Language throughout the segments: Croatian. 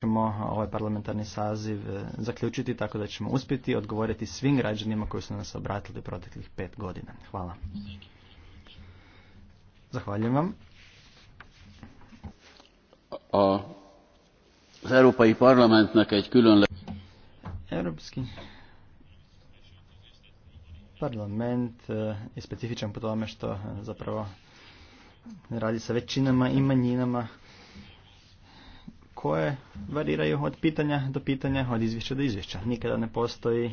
ćemo ovaj parlamentarni saziv e, zaključiti tako da ćemo uspjeti odgovoriti svim građanima koji su nas obratili proteklih pet godina. Hvala. Zahvaljujem vam. A, az Európai Parlamentnek Europski parlament e, je specifičan po tome što e, zapravo radi sa većinama i manjinama koje variraju od pitanja do pitanja, od izvješća do izvješća. Nikada ne postoji e,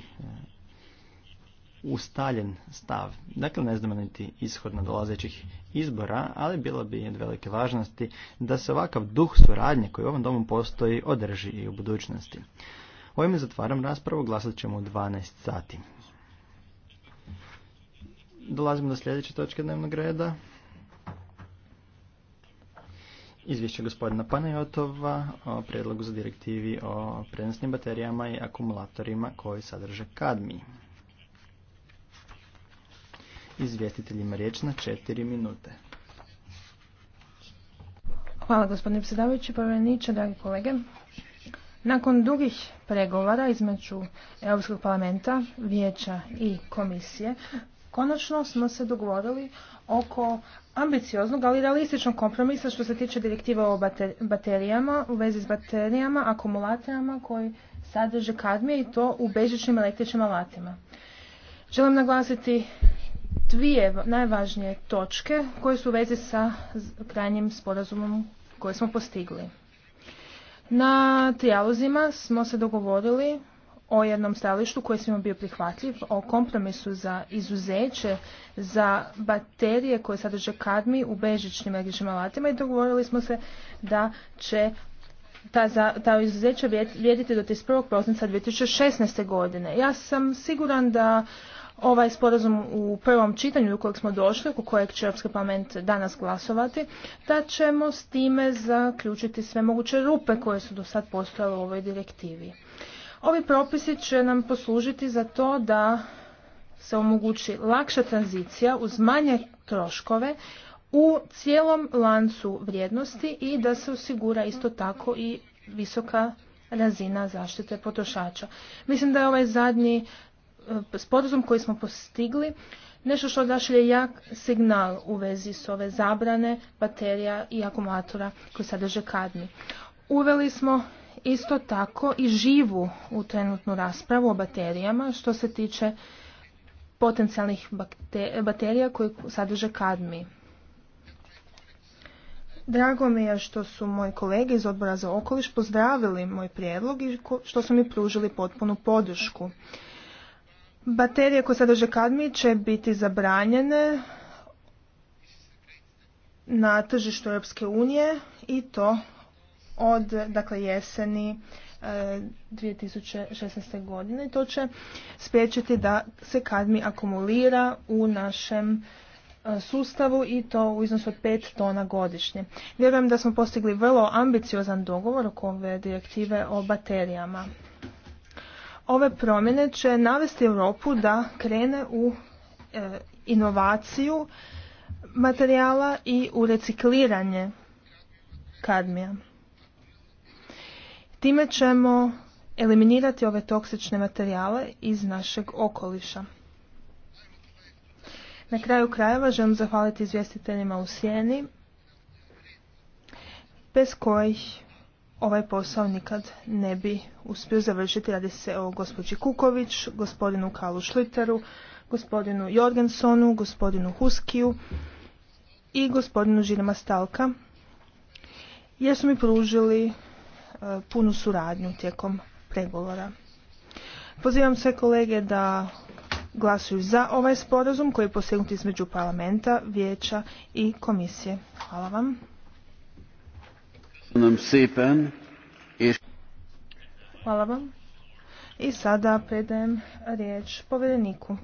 ustaljen stav. Dakle, ne znamo niti ishodno dolazećih izbora, ali bilo bi od velike važnosti da se ovakav duh suradnje koji u ovom domu postoji održi i u budućnosti. Ovime zatvaram raspravu, glasat ćemo u 12 sati. Dolazimo do sljedeće točke dnevnog reda. Izvješće gospodina Panajotova o prijedlogu za direktivi o prenosnim baterijama i akumulatorima koji sadrže kadmi Izvjestiteljima riječ na četiri minute. Hvala gospodine predsjedavajući, povjereniče, dragi kolege. Nakon dugih pregovara između Europskog parlamenta, vijeća i komisije, Konačno smo se dogovorili oko ambicioznog, ali realističnog kompromisa što se tiče direktiva o baterijama, u vezi s baterijama, akumulatorama koji sadrže kadmije i to u bežičnim električnim alatima. Želim naglasiti dvije najvažnije točke koje su u vezi sa krajnjim sporazumom koje smo postigli. Na trijalozima smo se dogovorili o jednom stajalištu koji svima bio prihvatljiv, o kompromisu za izuzeće za baterije koje sadrže kadmi u bežičnim električnim alatima i dogovorili smo se da će ta, za, ta izuzeća vrijediti do 31. prosinca 2016. godine. Ja sam siguran da ovaj sporazum u prvom čitanju do kojeg smo došli, u kojeg će Europski parlament danas glasovati, da ćemo s time zaključiti sve moguće rupe koje su do sad postojale u ovoj direktivi. Ovi propisi će nam poslužiti za to da se omogući lakša tranzicija uz manje troškove u cijelom lancu vrijednosti i da se osigura isto tako i visoka razina zaštite potrošača. Mislim da je ovaj zadnji e, sporazum koji smo postigli nešto što odašlje jak signal u vezi s ove zabrane baterija i akumulatora koji sadrže kadmi. Uveli smo isto tako i živu u trenutnu raspravu o baterijama što se tiče potencijalnih baterija koje sadrže kadmi. Drago mi je što su moji kolege iz odbora za okoliš pozdravili moj prijedlog i što su mi pružili potpunu podršku. Baterije koje sadrže kadmi će biti zabranjene na tržištu Europske unije i to od dakle, jeseni 2016. E, godine. To će spriječiti da se kadmi akumulira u našem e, sustavu i to u iznosu od 5 tona godišnje. Vjerujem da smo postigli vrlo ambiciozan dogovor oko ove direktive o baterijama. Ove promjene će navesti Europu da krene u e, inovaciju materijala i u recikliranje kadmija. Time ćemo eliminirati ove toksične materijale iz našeg okoliša. Na kraju krajeva želim zahvaliti izvjestiteljima u sjeni, bez kojih ovaj posao nikad ne bi uspio završiti. Radi se o gospođi Kuković, gospodinu Kalu Šliteru, gospodinu Jorgensonu, gospodinu Huskiju i gospodinu Žirima Stalka, jer su mi pružili E, punu suradnju tijekom pregovora. Pozivam sve kolege da glasuju za ovaj sporazum koji je postignut između parlamenta, vijeća i komisije. Hvala vam. Hvala vam. I sada predajem riječ povjereniku.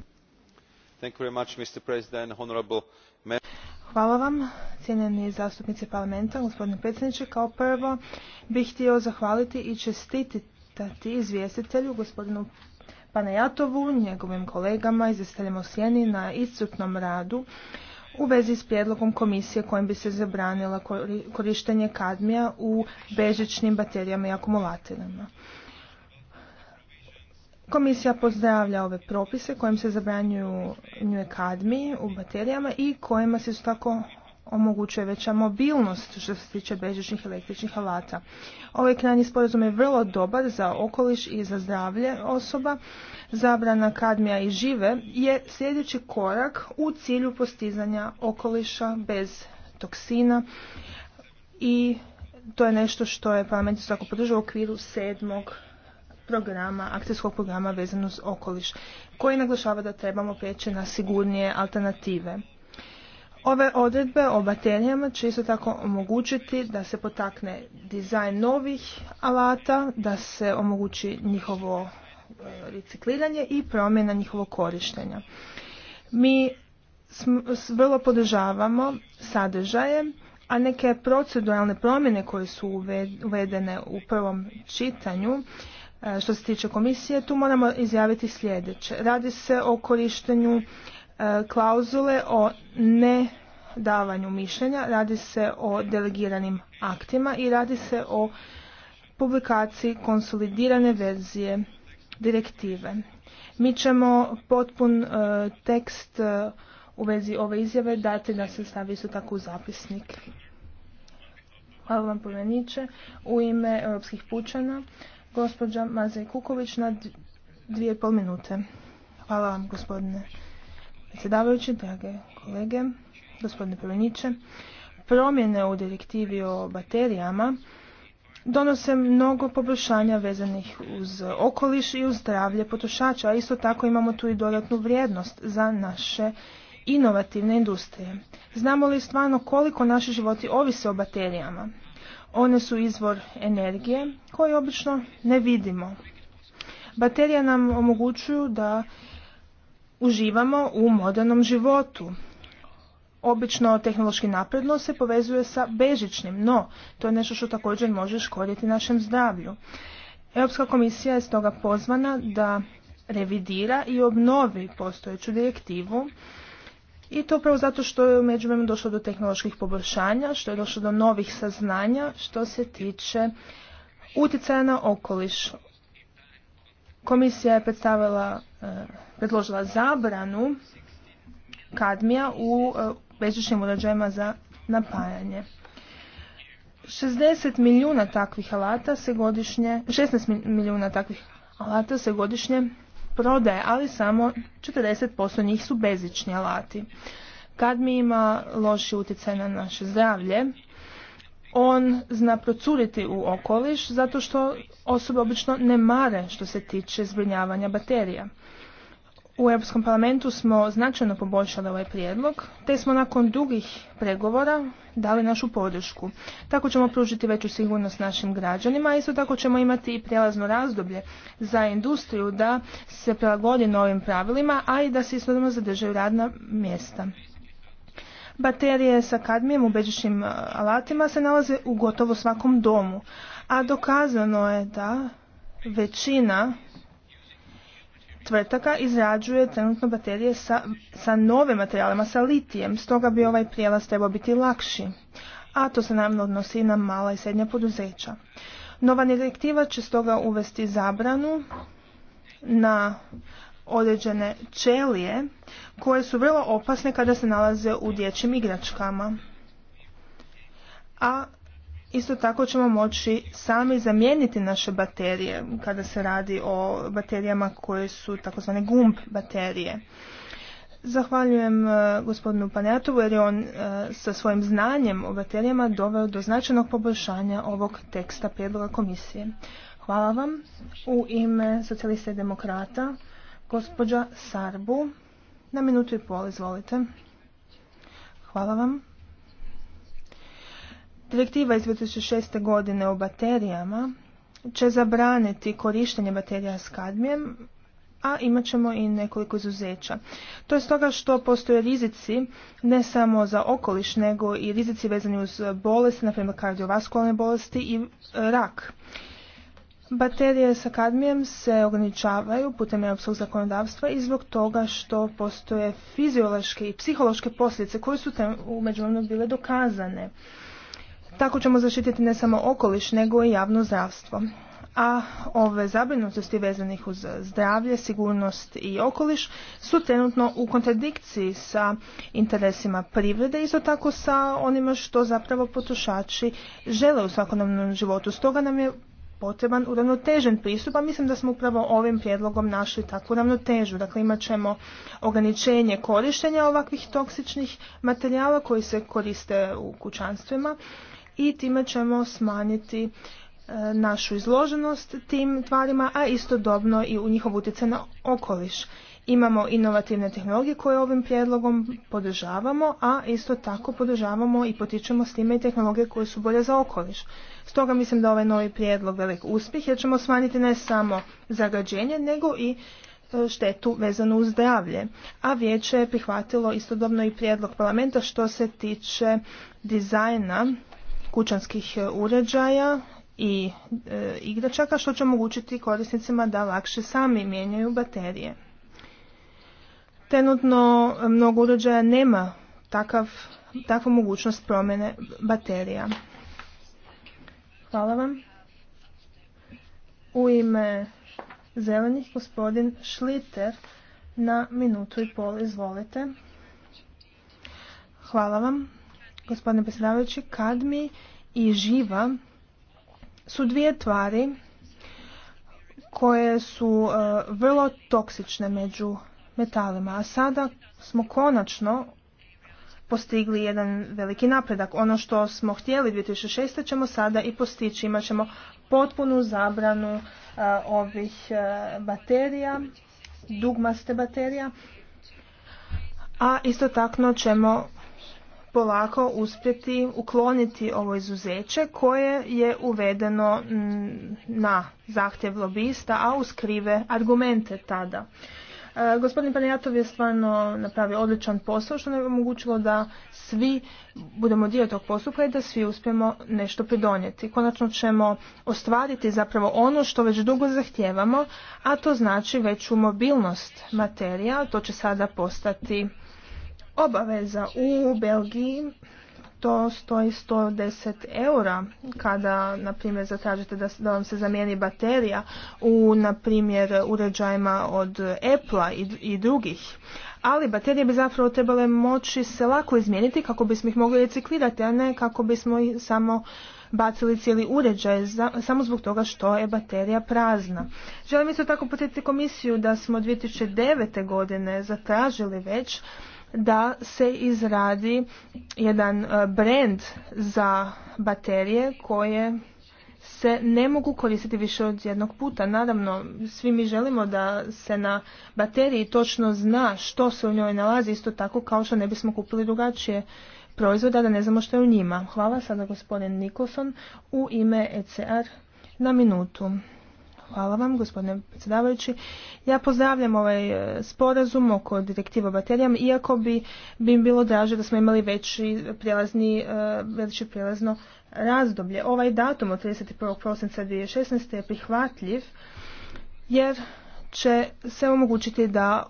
Hvala vam, cijenjeni zastupnici parlamenta, gospodine predsjedniče. Kao prvo bih htio zahvaliti i čestitati izvjestitelju, gospodinu Panajatovu, njegovim kolegama, izvjestiteljima Sjeni na iscrpnom radu u vezi s prijedlogom komisije kojim bi se zabranila korištenje kadmija u bežičnim baterijama i akumulatorima. Komisija pozdravlja ove propise kojim se zabranjuju kadmi u baterijama i kojima se su tako omogućuje veća mobilnost što se tiče bežičnih električnih alata. Ovaj krajnji sporazum je vrlo dobar za okoliš i za zdravlje osoba. Zabrana kadmija i žive je sljedeći korak u cilju postizanja okoliša bez toksina i to je nešto što je parlament tako podržao u okviru sedmog programa, akcijskog programa vezano uz okoliš, koji naglašava da trebamo prijeći na sigurnije alternative. Ove odredbe o baterijama će isto tako omogućiti da se potakne dizajn novih alata, da se omogući njihovo e, recikliranje i promjena njihovog korištenja. Mi vrlo podržavamo sadržaje, a neke proceduralne promjene koje su uvedene u prvom čitanju E, što se tiče komisije, tu moramo izjaviti sljedeće. Radi se o korištenju e, klauzule o ne davanju mišljenja, radi se o delegiranim aktima i radi se o publikaciji konsolidirane verzije direktive. Mi ćemo potpun e, tekst u vezi ove izjave dati da se stavi isto tako u zapisnik. Hvala vam povjereniče. U ime europskih pučana Gospođa Mazej Kuković na dvije pol minute. Hvala vam gospodine predsjedavajući, drage kolege, gospodine Prveniće. Promjene u direktivi o baterijama donose mnogo poboljšanja vezanih uz okoliš i uz zdravlje potrošača, a isto tako imamo tu i dodatnu vrijednost za naše inovativne industrije. Znamo li stvarno koliko naši životi ovise o baterijama? One su izvor energije koje obično ne vidimo. Baterije nam omogućuju da uživamo u modernom životu. Obično tehnološki napredno se povezuje sa bežičnim, no to je nešto što također može škoditi našem zdravlju. Europska komisija je stoga pozvana da revidira i obnovi postojeću direktivu i to upravo zato što je u međuvremenu došlo do tehnoloških poboljšanja, što je došlo do novih saznanja što se tiče utjecaja na okoliš. Komisija je predstavila, e, predložila zabranu kadmija u e, bežičnim uređajima za napajanje. 60 milijuna takvih alata se godišnje, 16 milijuna takvih alata se godišnje prodaje, ali samo 40% njih su bezični alati. Kad mi ima loši utjecaj na naše zdravlje, on zna procuriti u okoliš zato što osobe obično ne mare što se tiče zbrinjavanja baterija. U Europskom parlamentu smo značajno poboljšali ovaj prijedlog, te smo nakon dugih pregovora dali našu podršku. Tako ćemo pružiti veću sigurnost našim građanima, a isto tako ćemo imati i prijelazno razdoblje za industriju da se prilagodi novim pravilima, a i da se istodobno zadržaju radna mjesta. Baterije sa kadmijem u bežičnim e, alatima se nalaze u gotovo svakom domu, a dokazano je da većina tvrtaka izrađuje trenutno baterije sa, sa novim materijalima, sa litijem, stoga bi ovaj prijelaz trebao biti lakši. A to se naravno odnosi na mala i srednja poduzeća. Nova direktiva će stoga uvesti zabranu na određene čelije koje su vrlo opasne kada se nalaze u dječjim igračkama. A Isto tako ćemo moći sami zamijeniti naše baterije kada se radi o baterijama koje su tzv. gumb baterije. Zahvaljujem e, gospodinu Panjatovu jer je on e, sa svojim znanjem o baterijama doveo do značajnog poboljšanja ovog teksta prijedloga komisije. Hvala vam. U ime socijalista i demokrata, gospođa Sarbu, na minutu i pol, izvolite. Hvala vam. Direktiva iz 2006. godine o baterijama će zabraniti korištenje baterija s kadmijem, a imat ćemo i nekoliko izuzeća. To je stoga što postoje rizici ne samo za okoliš, nego i rizici vezani uz bolesti, primjer kardiovaskularne bolesti i rak. Baterije sa kadmijem se ograničavaju putem europskog zakonodavstva i zbog toga što postoje fiziološke i psihološke posljedice koje su u međuvremenu bile dokazane. Tako ćemo zaštititi ne samo okoliš, nego i javno zdravstvo. A ove zabrinutosti vezanih uz zdravlje, sigurnost i okoliš su trenutno u kontradikciji sa interesima privrede, isto tako sa onima što zapravo potrošači žele u svakodnevnom životu. Stoga nam je potreban uravnotežen pristup, a mislim da smo upravo ovim prijedlogom našli takvu ravnotežu. Dakle, imat ćemo ograničenje korištenja ovakvih toksičnih materijala koji se koriste u kućanstvima i time ćemo smanjiti e, našu izloženost tim tvarima, a istodobno i u njihov utjecaj na okoliš. Imamo inovativne tehnologije koje ovim prijedlogom podržavamo, a isto tako podržavamo i potičemo s time i tehnologije koje su bolje za okoliš. Stoga mislim da ovaj novi prijedlog velik uspjeh jer ćemo smanjiti ne samo zagađenje nego i e, štetu vezanu uz zdravlje. A vijeće je prihvatilo istodobno i prijedlog parlamenta što se tiče dizajna kućanskih e, uređaja i e, igračaka što će omogućiti korisnicima da lakše sami mijenjaju baterije. Trenutno e, mnogo uređaja nema takav, takvu mogućnost promjene baterija. Hvala vam. U ime zelenih gospodin Šliter na minutu i pol izvolite. Hvala vam gospodine predsjedavajući, kadmi i živa su dvije tvari koje su e, vrlo toksične među metalima. A sada smo konačno postigli jedan veliki napredak. Ono što smo htjeli 2006. ćemo sada i postići. Imaćemo potpunu zabranu e, ovih e, baterija, dugmaste baterija. A isto takno ćemo polako uspjeti ukloniti ovo izuzeće koje je uvedeno mm, na zahtjev lobista, a uskrive argumente tada. E, gospodin Panijatov je stvarno napravio odličan posao što nam je omogućilo da svi budemo dio tog postupka i da svi uspijemo nešto pridonijeti. Konačno ćemo ostvariti zapravo ono što već dugo zahtijevamo, a to znači veću mobilnost materija, to će sada postati obaveza u Belgiji to stoji 110 eura kada, na primjer, zatražite da, vam se zamijeni baterija u, na primjer, uređajima od Apple-a i, drugih. Ali baterije bi zapravo trebale moći se lako izmijeniti kako bismo ih mogli reciklirati, a ne kako bismo ih samo bacili cijeli uređaj samo zbog toga što je baterija prazna. Želim isto tako podsjetiti komisiju da smo 2009. godine zatražili već da se izradi jedan e, brand za baterije koje se ne mogu koristiti više od jednog puta. Naravno, svi mi želimo da se na bateriji točno zna što se u njoj nalazi, isto tako kao što ne bismo kupili drugačije proizvoda da ne znamo što je u njima. Hvala sada gospodin Nikolson u ime ECR na minutu. Hvala vam, gospodine predsjedavajući. Ja pozdravljam ovaj e, sporazum oko direktiva o baterijama, iako bi, bi im bilo draže da smo imali veći e, veći prijelazno razdoblje. Ovaj datum od 31. prosinca 2016. je prihvatljiv, jer će se omogućiti da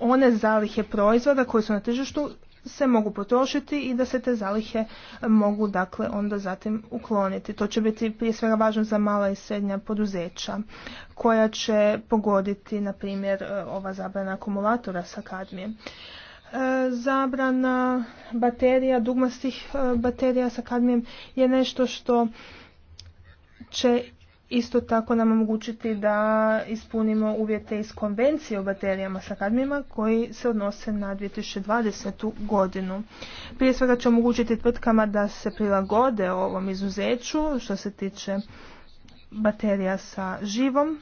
one zalihe proizvoda koje su na tržištu se mogu potrošiti i da se te zalihe mogu dakle onda zatim ukloniti. To će biti prije svega važno za mala i srednja poduzeća koja će pogoditi na primjer e, ova zabrana akumulatora sa kadmijem. E, zabrana baterija, dugmastih e, baterija sa kadmijem je nešto što će isto tako nam omogućiti da ispunimo uvjete iz konvencije o baterijama sa kadmijima koji se odnose na 2020. godinu. Prije svega će omogućiti tvrtkama da se prilagode ovom izuzeću što se tiče baterija sa živom.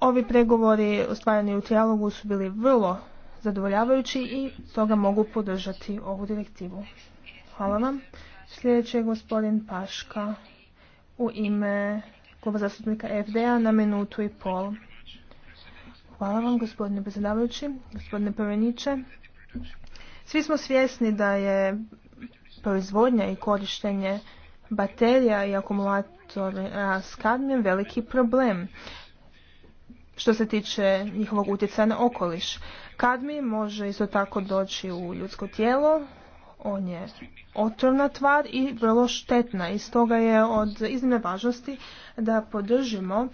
Ovi pregovori ostvareni u trijalogu su bili vrlo zadovoljavajući i toga mogu podržati ovu direktivu. Hvala vam. Sljedeći je gospodin Paška u ime kluba zastupnika FDA na minutu i pol. Hvala vam gospodine predsjedavajući, gospodine povjereniče. Svi smo svjesni da je proizvodnja i korištenje baterija i akumulatora s kadmijem veliki problem što se tiče njihovog utjecaja na okoliš. Kadmi može isto tako doći u ljudsko tijelo, on je otrovna tvar i vrlo štetna i stoga je od iznimne važnosti da podržimo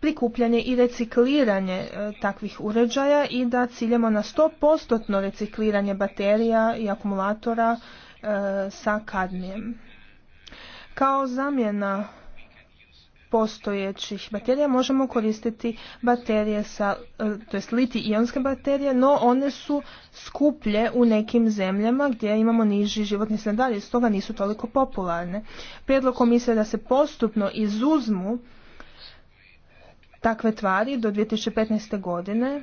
prikupljanje i recikliranje e, takvih uređaja i da ciljemo na 100% recikliranje baterija i akumulatora e, sa kadmijem. Kao zamjena postojećih baterija možemo koristiti baterije sa, e, to liti ionske baterije, no one su skuplje u nekim zemljama gdje imamo niži životni standard i stoga nisu toliko popularne. Prijedlog komisije da se postupno izuzmu takve tvari do 2015. godine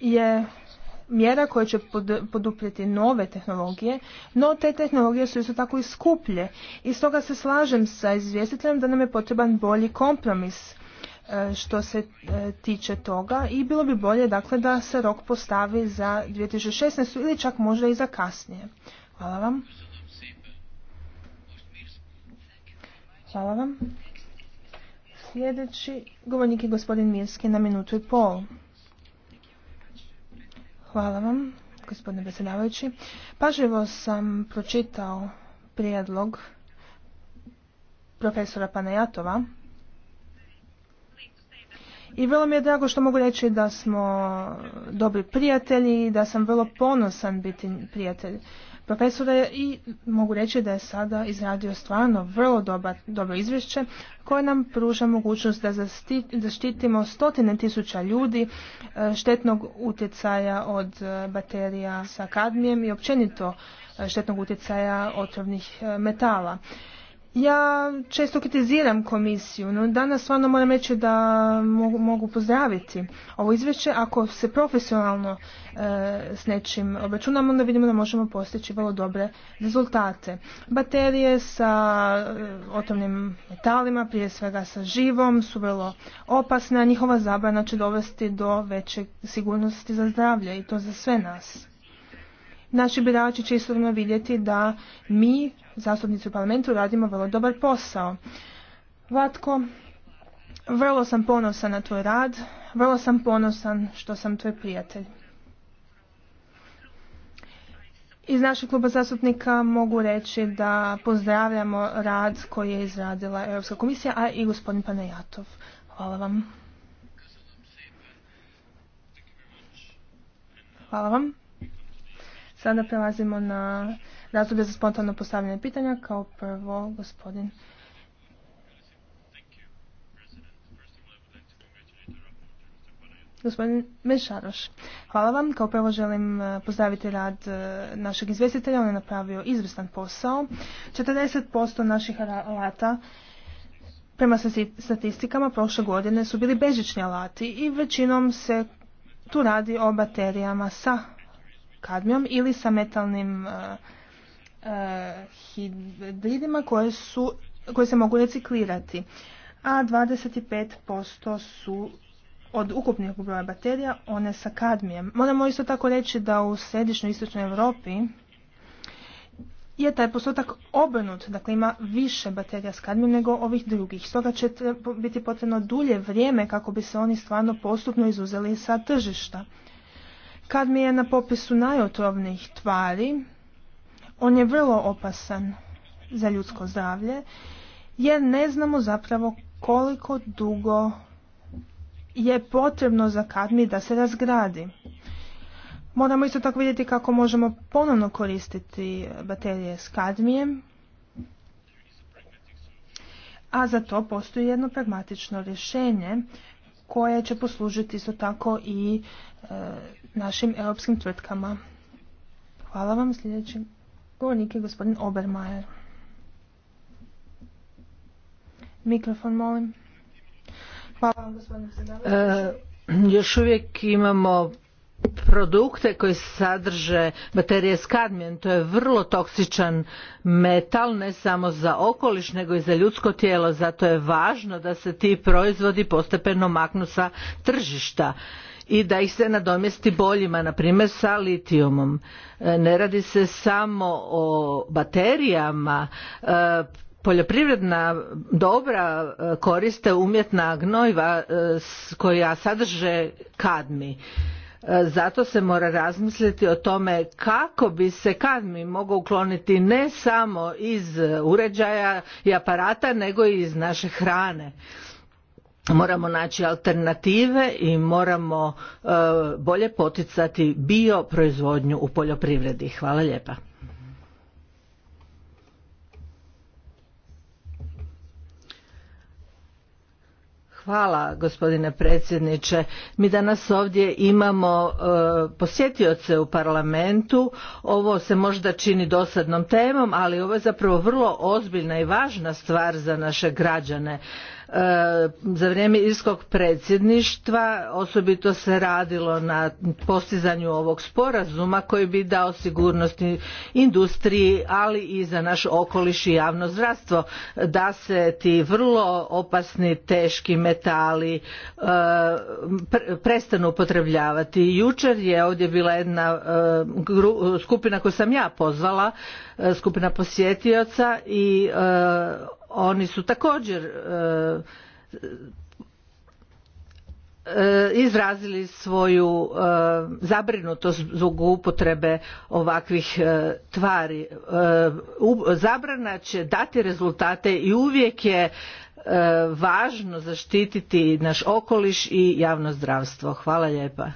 je mjera koja će poduprijeti nove tehnologije, no te tehnologije su isto tako i skuplje. I stoga se slažem sa izvjestiteljem da nam je potreban bolji kompromis e, što se e, tiče toga i bilo bi bolje dakle da se rok postavi za 2016. ili čak možda i za kasnije. Hvala vam. Hvala vam. Sljedeći govornik je gospodin Mirski na minutu i pol. Hvala vam, gospodine predsjedavajući. Pažljivo sam pročitao prijedlog profesora Panajatova i vrlo mi je drago što mogu reći da smo dobri prijatelji i da sam vrlo ponosan biti prijatelj je i mogu reći da je sada izradio stvarno vrlo dobro izvješće koje nam pruža mogućnost da zaštitimo stotine tisuća ljudi e, štetnog utjecaja od e, baterija sa kadmijem i općenito e, štetnog utjecaja otrovnih metala. Ja često kritiziram komisiju, no danas stvarno moram reći da mogu, pozdraviti ovo izvješće. Ako se profesionalno e, s nečim obračunamo, onda vidimo da možemo postići vrlo dobre rezultate. Baterije sa e, otomnim metalima, prije svega sa živom, su vrlo opasne, a njihova zabrana će dovesti do veće sigurnosti za zdravlje i to za sve nas naši birači će istovremeno vidjeti da mi, zastupnici u parlamentu, radimo vrlo dobar posao. Vatko, vrlo sam ponosan na tvoj rad, vrlo sam ponosan što sam tvoj prijatelj. Iz našeg kluba zastupnika mogu reći da pozdravljamo rad koji je izradila Europska komisija, a i gospodin Panajatov. Hvala vam. Hvala vam. Sada prelazimo na razdoblje za spontano postavljanje pitanja. Kao prvo, gospodin Gospodin Mešaroš, hvala vam. Kao prvo želim e, pozdraviti rad e, našeg izvjestitelja. On je napravio izvrstan posao. 40% naših alata prema statistikama prošle godine su bili bežični alati i većinom se tu radi o baterijama sa kadmijom ili sa metalnim e, e, hidridima koje, su, koje se mogu reciklirati, a 25% su od ukupnih broja baterija one sa kadmijem. Moramo isto tako reći da u središnjoj istočnoj Europi je taj postotak obrnut, dakle ima više baterija s kadmijem nego ovih drugih. Stoga će biti potrebno dulje vrijeme kako bi se oni stvarno postupno izuzeli sa tržišta. Kad mi je na popisu najotrovnijih tvari, on je vrlo opasan za ljudsko zdravlje, jer ne znamo zapravo koliko dugo je potrebno za kadmi da se razgradi. Moramo isto tako vidjeti kako možemo ponovno koristiti baterije s kadmijem, a za to postoji jedno pragmatično rješenje koje će poslužiti isto tako i e, našim europskim tvrtkama. Hvala vam. Sljedeći govornik je gospodin Obermajer. Mikrofon molim. Hvala vam e, Još uvijek imamo produkte koji sadrže baterije s kadmijem. To je vrlo toksičan metal, ne samo za okoliš, nego i za ljudsko tijelo. Zato je važno da se ti proizvodi postepeno maknu sa tržišta i da ih se nadomjesti boljima, na primjer sa litijumom. E, ne radi se samo o baterijama, e, poljoprivredna dobra e, koriste umjetna gnojiva koja sadrže kadmi zato se mora razmisliti o tome kako bi se kadmi mogao ukloniti ne samo iz uređaja i aparata nego i iz naše hrane moramo naći alternative i moramo e, bolje poticati bio proizvodnju u poljoprivredi hvala lijepa Hvala gospodine predsjedniče. Mi danas ovdje imamo e, posjetioce u parlamentu. Ovo se možda čini dosadnom temom, ali ovo je zapravo vrlo ozbiljna i važna stvar za naše građane. E, za vrijeme irskog predsjedništva osobito se radilo na postizanju ovog sporazuma koji bi dao sigurnost industriji ali i za naš okoliš i javno zdravstvo da se ti vrlo opasni teški metali e, prestanu upotrebljavati. Jučer je ovdje bila jedna e, skupina koju sam ja pozvala, skupina posjetioca i oni su također e, e, izrazili svoju e, zabrinutost zbog upotrebe ovakvih tvari. Zabrana će dati rezultate i uvijek je važno zaštititi naš okoliš i javno zdravstvo. Hvala lijepa.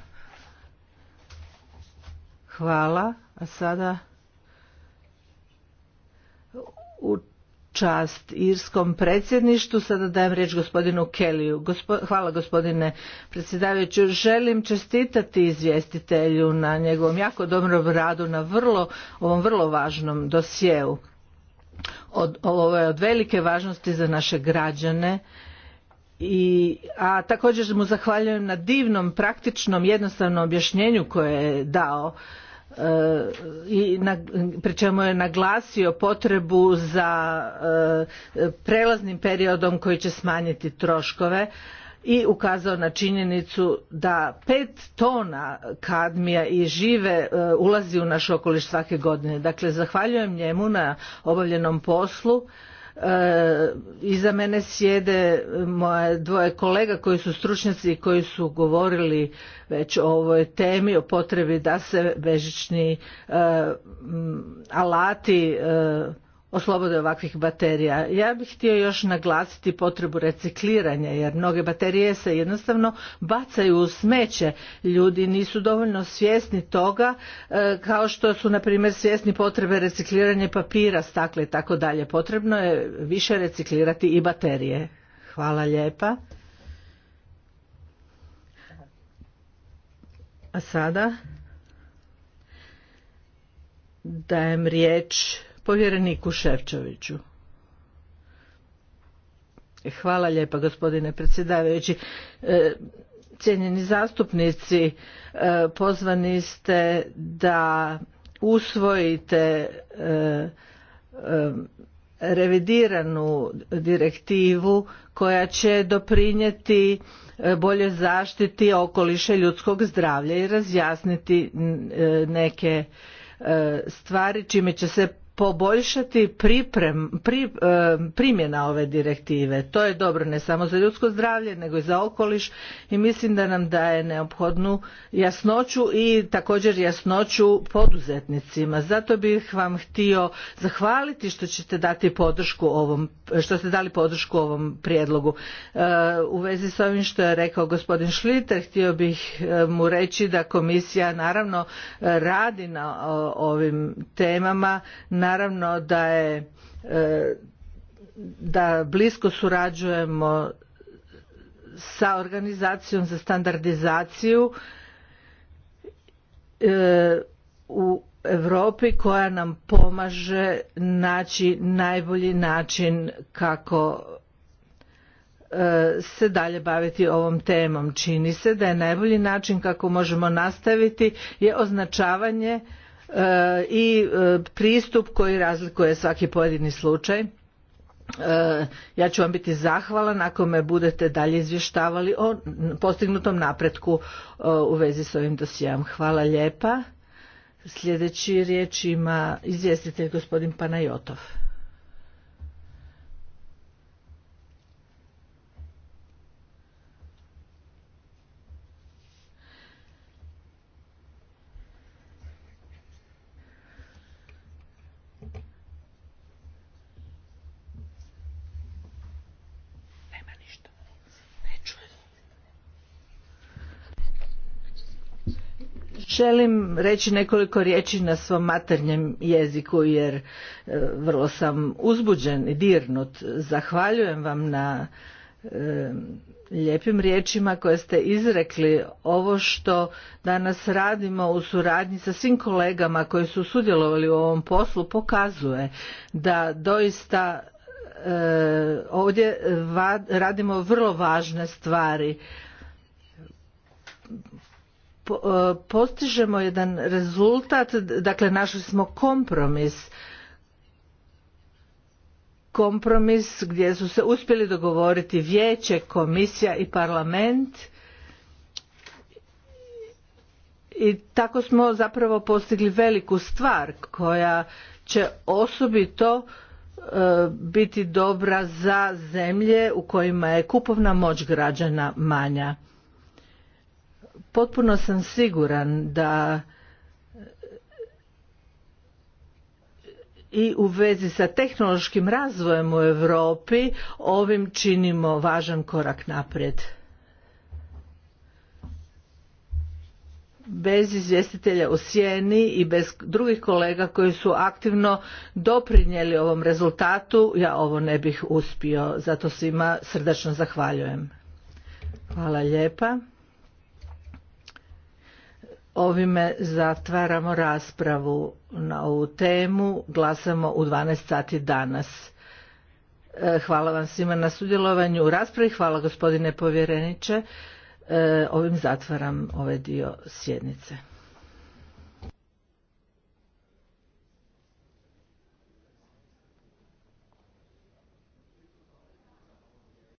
Hvala. A sada u čast irskom predsjedništvu. Sada dajem riječ gospodinu Kelliju. hvala gospodine predsjedavajući. Želim čestitati izvjestitelju na njegovom jako dobrom radu na vrlo, ovom vrlo važnom dosjeu. Od, je od velike važnosti za naše građane. I, a također mu zahvaljujem na divnom, praktičnom, jednostavnom objašnjenju koje je dao i na, pri čemu je naglasio potrebu za e, prelaznim periodom koji će smanjiti troškove i ukazao na činjenicu da pet tona kadmija i žive e, ulazi u naš okoliš svake godine. Dakle, zahvaljujem njemu na obavljenom poslu E, iza mene sjede dvoje kolega koji su stručnjaci i koji su govorili već o ovoj temi o potrebi da se bežični e, alati e, oslobode ovakvih baterija. Ja bih htio još naglasiti potrebu recikliranja jer mnoge baterije se jednostavno bacaju u smeće. Ljudi nisu dovoljno svjesni toga e, kao što su na primjer svjesni potrebe recikliranja papira, stakle i tako dalje. Potrebno je više reciklirati i baterije. Hvala lijepa. A sada dajem riječ povjereniku Ševčoviću. E, hvala lijepa gospodine predsjedavajući. E, cijenjeni zastupnici, e, pozvani ste da usvojite revidiranu direktivu koja će doprinijeti bolje zaštiti okoliša ljudskog zdravlja i razjasniti neke stvari čime će se poboljšati priprem, e, primjena ove direktive. To je dobro ne samo za ljudsko zdravlje nego i za okoliš i mislim da nam daje neophodnu jasnoću i također jasnoću poduzetnicima. Zato bih vam htio zahvaliti što ćete dati podršku ovom, što ste dali podršku ovom prijedlogu. E, u vezi s ovim što je rekao gospodin Šliter, htio bih e, mu reći da komisija naravno radi na ovim temama na Naravno da je e, da blisko surađujemo sa organizacijom za standardizaciju e, u Europi koja nam pomaže naći najbolji način kako e, se dalje baviti ovom temom. Čini se da je najbolji način kako možemo nastaviti je označavanje E, i e, pristup koji razlikuje svaki pojedini slučaj. E, ja ću vam biti zahvalan ako me budete dalje izvještavali o postignutom napretku u vezi s ovim dosijam. Hvala lijepa. Sljedeći riječ ima izvjestitelj gospodin Panajotov. Želim reći nekoliko riječi na svom maternjem jeziku jer e, vrlo sam uzbuđen i dirnut. Zahvaljujem vam na e, lijepim riječima koje ste izrekli ovo što danas radimo u suradnji sa svim kolegama koji su sudjelovali u ovom poslu pokazuje da doista e, ovdje radimo vrlo važne stvari E, postižemo jedan rezultat, dakle našli smo kompromis kompromis gdje su se uspjeli dogovoriti vijeće, komisija i parlament i tako smo zapravo postigli veliku stvar koja će osobito e, biti dobra za zemlje u kojima je kupovna moć građana manja potpuno sam siguran da i u vezi sa tehnološkim razvojem u Europi ovim činimo važan korak naprijed. bez izvjestitelja u sjeni i bez drugih kolega koji su aktivno doprinijeli ovom rezultatu ja ovo ne bih uspio zato svima srdačno zahvaljujem hvala lijepa Ovime zatvaramo raspravu na ovu temu. Glasamo u 12 sati danas. E, hvala vam svima na sudjelovanju u raspravi. Hvala gospodine povjereniče. E, ovim zatvaram ovaj dio sjednice.